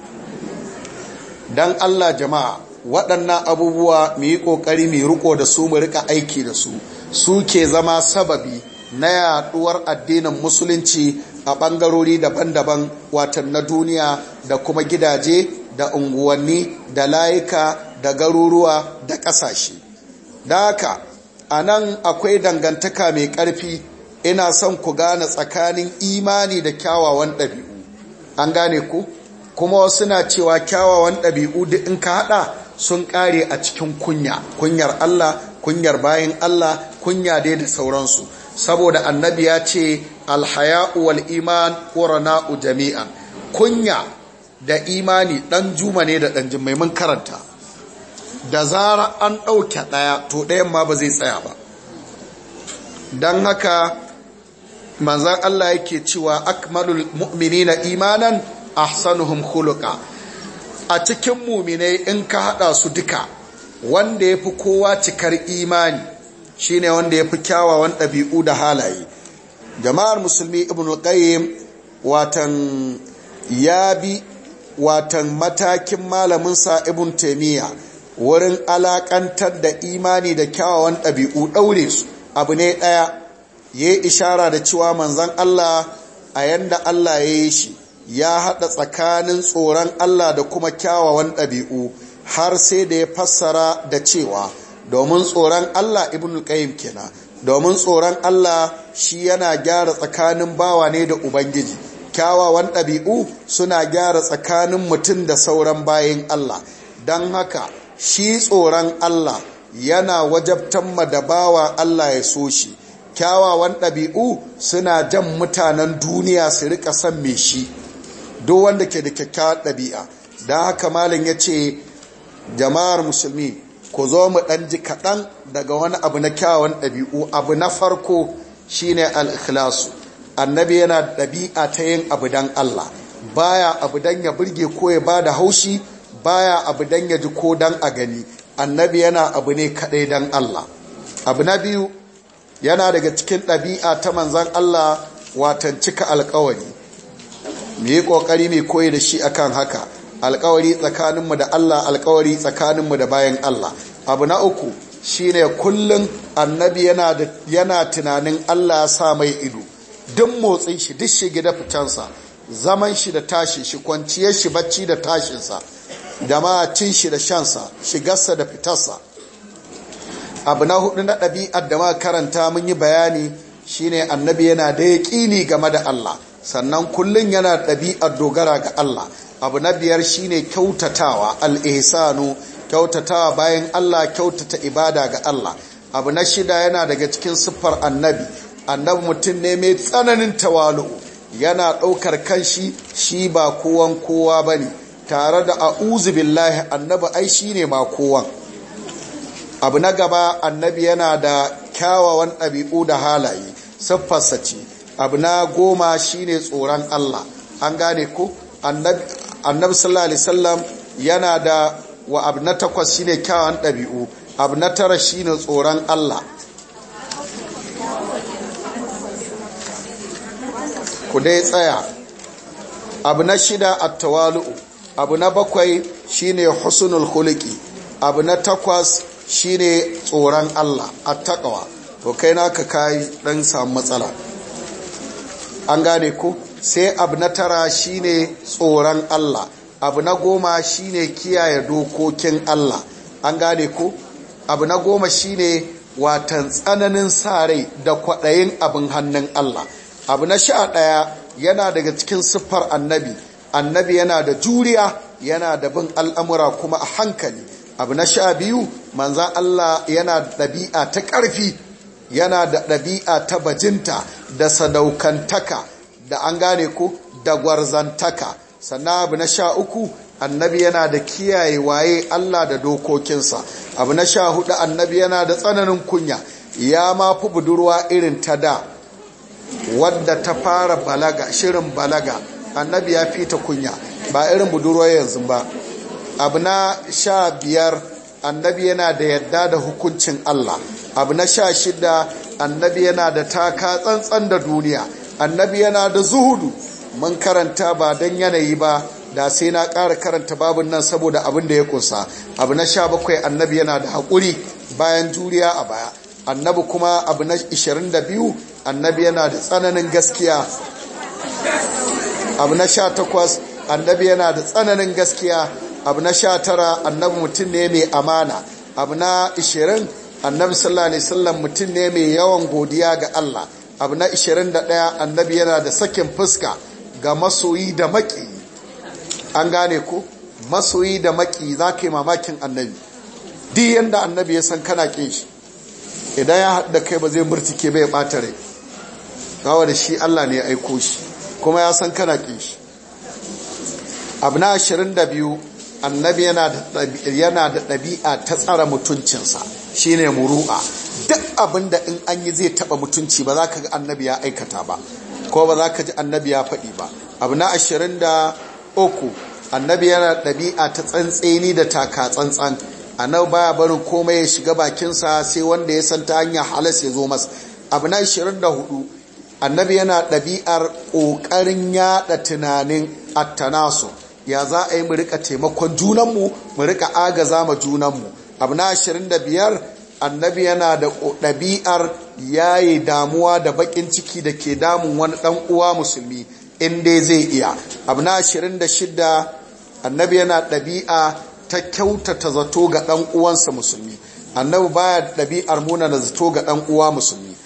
Don Allah jama'a waɗannan abubuwa mu yi ƙoƙari mu riko da su mu rika aiki da su Su ke zama sababi na yaɗuwar addinin musulunci a ɓangarori daban-daban watan na duniya da kuma gidaje da unguwanni da layuka da garuruwa da ƙasashe da haka a nan akwai dangantaka mai ƙarfi ina son ku gane tsakanin imani da kyawawan ɗabi'u an gane ku kuma wasu na cewa kyawawan ɗabi'u da in ka haɗa sun ƙare a cikin kunya kunyar Allah kunyar bayan Allah kunya dai da sauransu saboda annabi ya ce alhaya'u wal iman qurana'u jami'an kunya da imani ɗan juma ne da ɗan mun karanta da zara an ɗauke ɗaya to ɗayan ma ba zai tsaya ba don haka manzan Allah yake cewa akmalul mu'minina imanan ahsanuhum khuluqa a cikin mu'minai in ka hada su duka wanda yafi kowa cikar imani shine wanda yafi kyawawan ɗabi'u da halaye jama'ar musulmi ibn qayyim watan yabi watan matakin malamin sa ibn taymiya wurin alakantar da imani da kyawawan ɗabi'u daure su abu ne daya ya ishara da cewa manzan Allah a yanda Allah ya yi shi ya haɗa tsakanin tsoron Allah da kuma kyawawan ɗabi'u har sai da ya fassara da cewa domin tsoron Allah ibn qayyim kenan domin tsoron Allah shi yana gyara tsakanin bawa ne da ubangiji kyawawan ɗabi'u suna gyara tsakanin mutum da sauran bayan Allah don haka shi tsoron Allah yana wajabtan ma da bawa Allah ya so shi kyawawan ɗabi'u suna jan mutanen duniya su rika son mai shi duk wanda ke da kyakkyawar ɗabi'a don haka malin ya ce jama'ar musulmi ku zo mu ɗan ji kaɗan daga wani abu na kyawawan ɗabi'u abu na farko shine al annabi yana ɗabi'a ta yin abu don Allah baya abu don ya burge ko ya ba da haushi baya abu don ya ji ko don a gani annabi yana abu ne kaɗai don Allah abu na biyu yana daga cikin ɗabi'a ta manzan Allah watan cika alkawari mu yi ƙoƙari mai koyi da shi akan haka alkawari tsakaninmu da Allah alkawari tsakaninmu da bayan Allah abu na uku shi ne kullum annabi yana tunanin Allah ya sa mai ido don motsin shi duk shi da fitansa zaman shi da tashi shi kwanciyar shi bacci da tashinsa da ma cin shi da shansa shigarsa da fitarsa abu na hudu na ɗabi'ar da muka karanta mun yi bayani shine annabi yana da yaƙini game da Allah sannan kullum yana ɗabi'ar dogara ga Allah abu na biyar shine kyautatawa al-ihsanu kyautatawa bayan Allah kyautata ibada ga Allah abu na shida yana daga cikin siffar annabi annabi mutum ne mai tsananin tawalu yana ɗaukar kanshi shi ba kowan kowa bane tare da a'uzu billahi annabi ai shine ma kowan abu na gaba annabi yana da kyawawan ɗabi'u da halaye siffarsa ce abu na goma shine tsoron Allah an gane ku annabi sallallahu alaihi wasallam yana da wa abu na takwas shine kyawawan ɗabi'u abu na tara shine tsoron Allah ku dai tsaya abu na shida attawalu abu na bakwai shine husnul khuluqi abu na takwas Shi ne tsoron Allah A attaqwa to kai ka kayi ɗan samu matsala an gane ku. sai abu na tara shi ne tsoron Allah abu na goma shi ne kiyaye dokokin Allah an gane ku. abu na goma shi ne watan tsananin sa rai da kwaɗayin abin hannun Allah abu na sha ɗaya yana daga cikin siffar annabi annabi yana da juriya yana da bin al'amura kuma a hankali abu na sha biyu manzan Allah yana ɗabi'a ta ƙarfi yana da ɗabi'a ta bajinta da sadaukantaka da an gane ku da gwarzantaka sannan abu na sha uku annabi yana da kiyaye waye Allah da dokokinsa abu na sha hudu annabi yana da tsananin kunya ya ma fi budurwa irin ta da wadda ta fara balaga shirin balaga annabi ya fi ta kunya ba irin budurwa yanzu ba abu na sha biyar annabi yana da yadda da hukuncin Allah abu na sha shida annabi yana da taka tsantsan da duniya annabi yana da zuhudu mun karanta ba don yanayi ba da sai na ƙara karanta babin nan saboda abin da ya kunsa abu na sha bakwai annabi yana da haƙuri bayan juriya a baya annabi kuma abu na ishirin da biyu annabi yana da tsananin gaskiya abu na sha takwas annabi yana da tsananin gaskiya abu na sha tara annabi mutum ne mai amana abu na ishirin annabi sallallahu alaihi wasallam mutum ne mai yawan godiya ga Allah abu na ishirin da ɗaya annabi yana da sakin fuska ga masoyi da maki an gane ko masoyi da maki za ka yi mamakin annabi duk yadda annabi ya san kana ƙin shi idan ya da kai ba zai murtike bai ɓata rai gawa da shi Allah ne ya aiko shi kuma ya san kana ƙin shi abu na ashirin da biyu annabi yana da ɗabi'a ta tsara mutuncinsa shine muru'a duk abin da in an yi zai taɓa mutunci ba za ka ga annabi ya aikata ba ko ba za ka ji annabi ya faɗi ba abu na ashirin da uku annabi yana da ɗabi'a ta tsantseni da taka tsantsan a nan baya barin komai ya shiga bakinsa sai wanda ya san ta hanyar halas ya zo masa abu na ashirin da hudu annabi yana ɗabi'ar ƙoƙarin yaɗa tunanin attanasu ya za a yi mu rika taimakon junanmu mu rika agaza ma junanmu abu na 25 annabi yana da ɗabi'ar yayi damuwa da bakin ciki da ke damun wani ɗan uwa musulmi inda zai iya abu na 26 annabi yana ɗabi'a ta kyautata zato ga ɗan uwansa musulmi annabi baya ɗabi'ar muna da zato ga ɗan uwa musulmi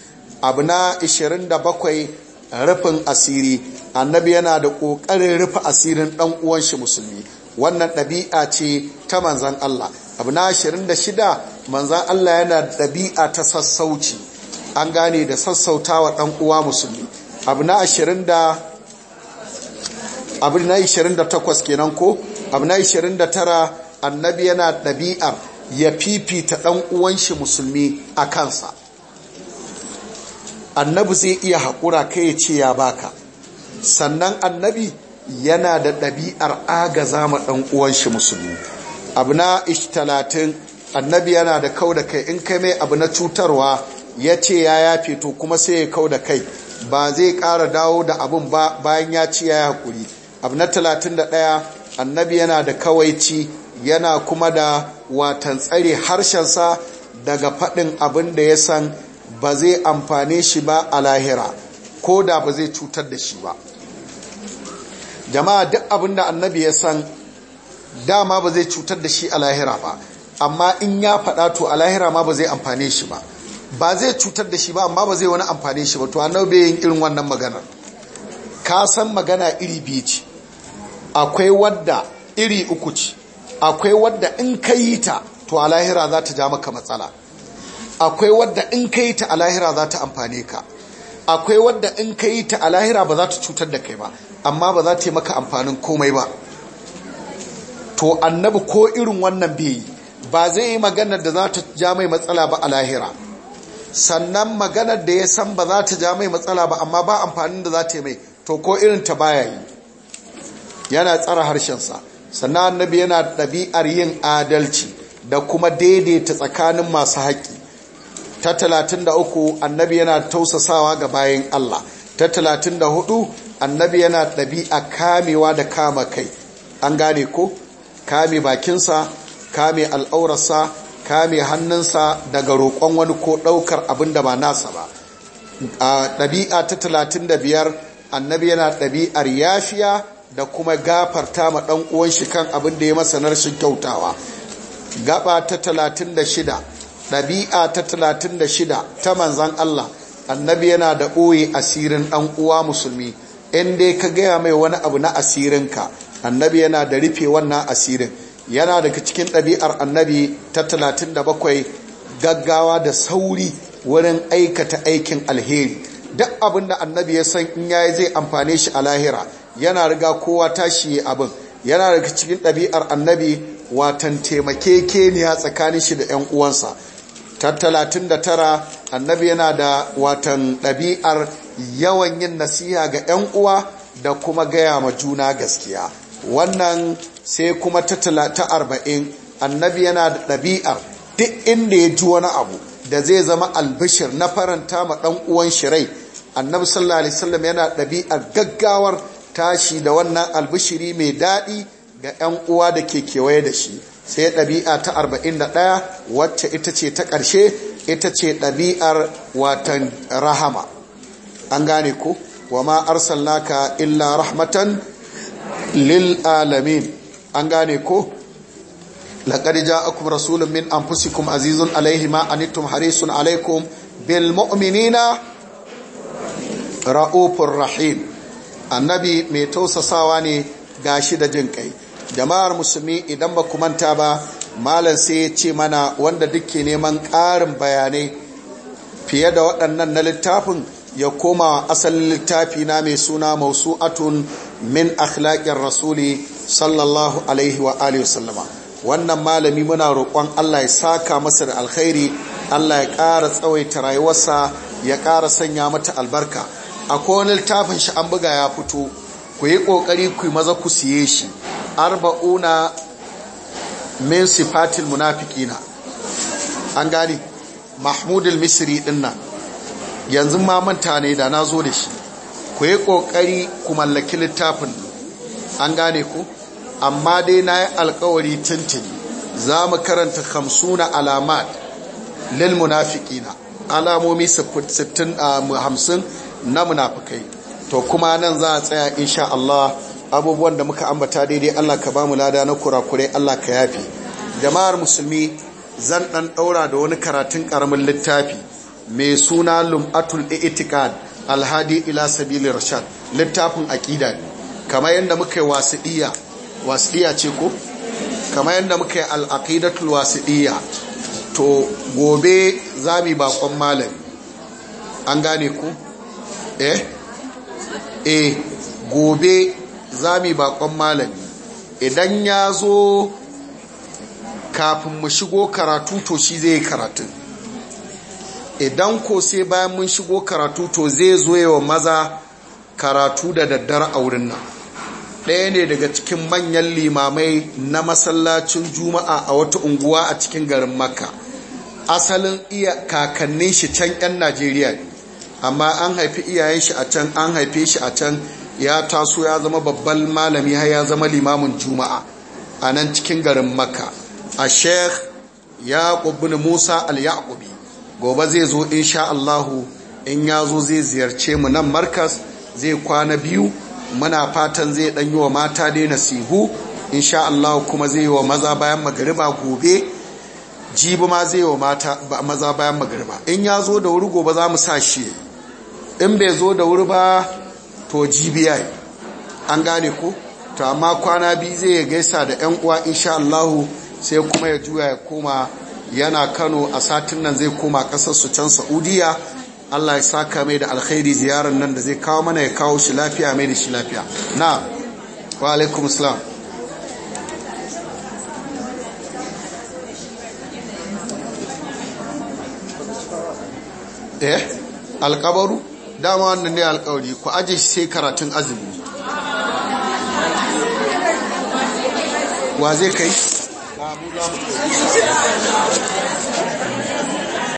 abu na 27 rufin asiri annabi yana da ƙoƙarin rufe asirin ɗan uwan shi musulmi wannan ɗabi'a ce ta manzan Allah abu na 26 manzan Allah yana da ɗabi'a ta sassauci an gane da sassautawa ɗan uwa musulmi abu na 28 kenan ko abu na 29 annabi yana ɗabi'ar ya fifita ɗan uwan shi musulmi a kansa annabi zai iya haƙura kai ya ce ya baka sannan annabi yana da ɗabi'ar agaza ma ɗan uwan shi musulmi abu na talatin annabi yana da kau da kai in kai mai abu na cutarwa ya ce ya yafe to kuma sai ya kau da kai ba zai ƙara dawo da abun ba bayan ya ci ya haƙuri abu na talatin da ɗaya annabi yana da kawaici yana kuma da watan tsare harshensa daga faɗin abin da ya san ba zai amfane shi ba a lahira ko da ba zai cutar da shi ba jama'a duk abin da annabi ya san dama ba zai cutar da shi a lahira ba amma in ya faɗa to a lahira ma ba zai amfane shi ba ba zai cutar da shi ba amma ba zai wani amfane shi ba to annabi yin irin wannan maganar ka san magana iri biyu ce akwai wadda iri uku ce akwai wadda in ka yi ta to a lahira za ta ja maka matsala akwai wadda in ka yi ta a lahira za ta amfane ka akwai wadda in ka yi ta a lahira ba za ta cutar da kai ba amma ba za ta maka amfanin komai ba to annabi ko irin wannan bai ba zai yi maganar da za ta ja mai matsala ba a lahira sannan maganar da ya san ba za ta ja mai matsala ba amma ba amfanin da za ta mai to ko irin ta baya yi yana tsara harshensa sannan annabi yana ɗabi'ar yin adalci da kuma daidaita tsakanin masu haƙƙi ta 33 annabi yana tausasawa ga bayan Allah ta 34 annabi yana ɗabi'a kamewa da kama kai an gane ko kame bakinsa kame al'aurarsa kame hannunsa daga roƙon wani ko ɗaukar abin da ba nasa ba a ɗabi'a ta 35 annabi yana ɗabi'ar yafiya da kuma gafarta ma ɗan uwan shi kan abin da ya masa narshin kyautawa gaba ta 36 ɗabi'a ta 36 ta manzan Allah annabi yana da ɓoye asirin ɗan uwa musulmi inda dai ka gaya mai wani abu na asirinka annabi yana da rufe wannan asirin yana daga cikin ɗabi'ar annabi ta 37 gaggawa da sauri wurin aikata aikin alheri duk abin da annabi ya san in yayi zai amfane shi a lahira yana riga kowa tashi abin yana daga cikin ɗabi'ar annabi watan taimake keniya tsakanin shi da 'yan uwansa talatin da tara annabi yana da watan ɗabi'ar yawan yin nasiha ga 'yan uwa da kuma gaya ma juna gaskiya wannan sai kuma ta arba'in annabi yana da ɗabi'ar duk inda ya ji wani abu da zai zama albishir na faranta ma ɗan uwan shirai annabi sallallahu alaihi wasallam yana da ɗabi'ar gaggawar tashi da wannan albishiri mai daɗi ga 'yan uwa da ke kewaye da shi sai ɗabi'a ta 41 wacce ita ce ta ƙarshe ita ce ɗabi'ar watan rahama an gane ku wa ma arsalnaka illa rahmatan lil alamin an gane ku laqad ja'akum rasulun min anfusikum azizun alayhi ma anittum harisun alaykum bil mu'minina raufur rahim annabi mai tausasawa ne gashi da jin kai jama'ar musulmi idan ba manta ba malam sai ya ce mana wanda duke neman ƙarin bayanai fiye da waɗannan na littafin ya koma asalin littafi na mai suna atun min akhlaƙin rasuli sallallahu alaihi wa alihi wasallama wannan malami muna roƙon Allah ya saka masa da alkhairi Allah ya ƙara tsawaita rayuwarsa ya ƙara sanya mata albarka A wani littafin shi an buga ya fito ku yi ƙoƙari ku maza ku siye shi arba'una min sifatil munafiqina an gani mahmudul misri dinnan yanzu ma manta ne da na zo da shi ku yi ƙoƙari ku mallaki littafin an gane ku amma dai na yi alkawari tuntuni za mu karanta hamsuna alamat lil munafiqina alamomi 60 ah, na munafikai to kuma nan za a tsaya insha Allah abubuwan da muka ambata daidai Allah ka bamu lada na kurakure Allah ka yafi jama'ar musulmi zan dan daura da wani karatun karamin littafi mai suna lum'atul i'tiqad alhadi ila sabilir rashad littafin aqida ne kamar yadda muka yi wasidiya wasidiya ce ko kamar yadda muka yi al'aqidatul wasidiya to gobe zami bakon malami an gane ku eh E gobe za mu yi bakon malami idan ya zo kafin mu shigo karatu to shi zai yi karatu idan ko sai bayan mun shigo karatu to zai zo wa maza karatu da daddare a wurin nan ɗaya ne daga cikin manyan limamai na masallacin juma'a a wata unguwa a cikin garin makka asalin iya kakannin shi can 'yan najeriya ne amma an haifi iyayen shi a can an haife shi a can ya taso ya zama babban malami har ya zama limamin juma'a a nan cikin garin makka a sheikh yaqub bin musa al-yaqubi gobe zai zo insha Allahu in ya zo zai ziyarce mu nan markas zai kwana biyu muna fatan zai dan yi wa mata dai nasihu insha Allahu kuma zai yi wa maza bayan magariba gobe jibi ma zai yi wa maza bayan magariba in ya zo da wuri gobe za mu sa shi in bai zo da wuri ba to gbi an gane ku to amma kwana biyu zai ya gaisa da 'yan uwa insha Allahu sai kuma ya juya ya koma yana kano a satin nan zai koma kasar su can saudiya Allah ya saka mai da alkhairi ziyarar nan da zai kawo mana ya kawo shi lafiya mai da shi lafiya na wa alaikum salam eh alkabaru dama wannan ne alkawari ku aje shi sai karatun azumi wa zai kai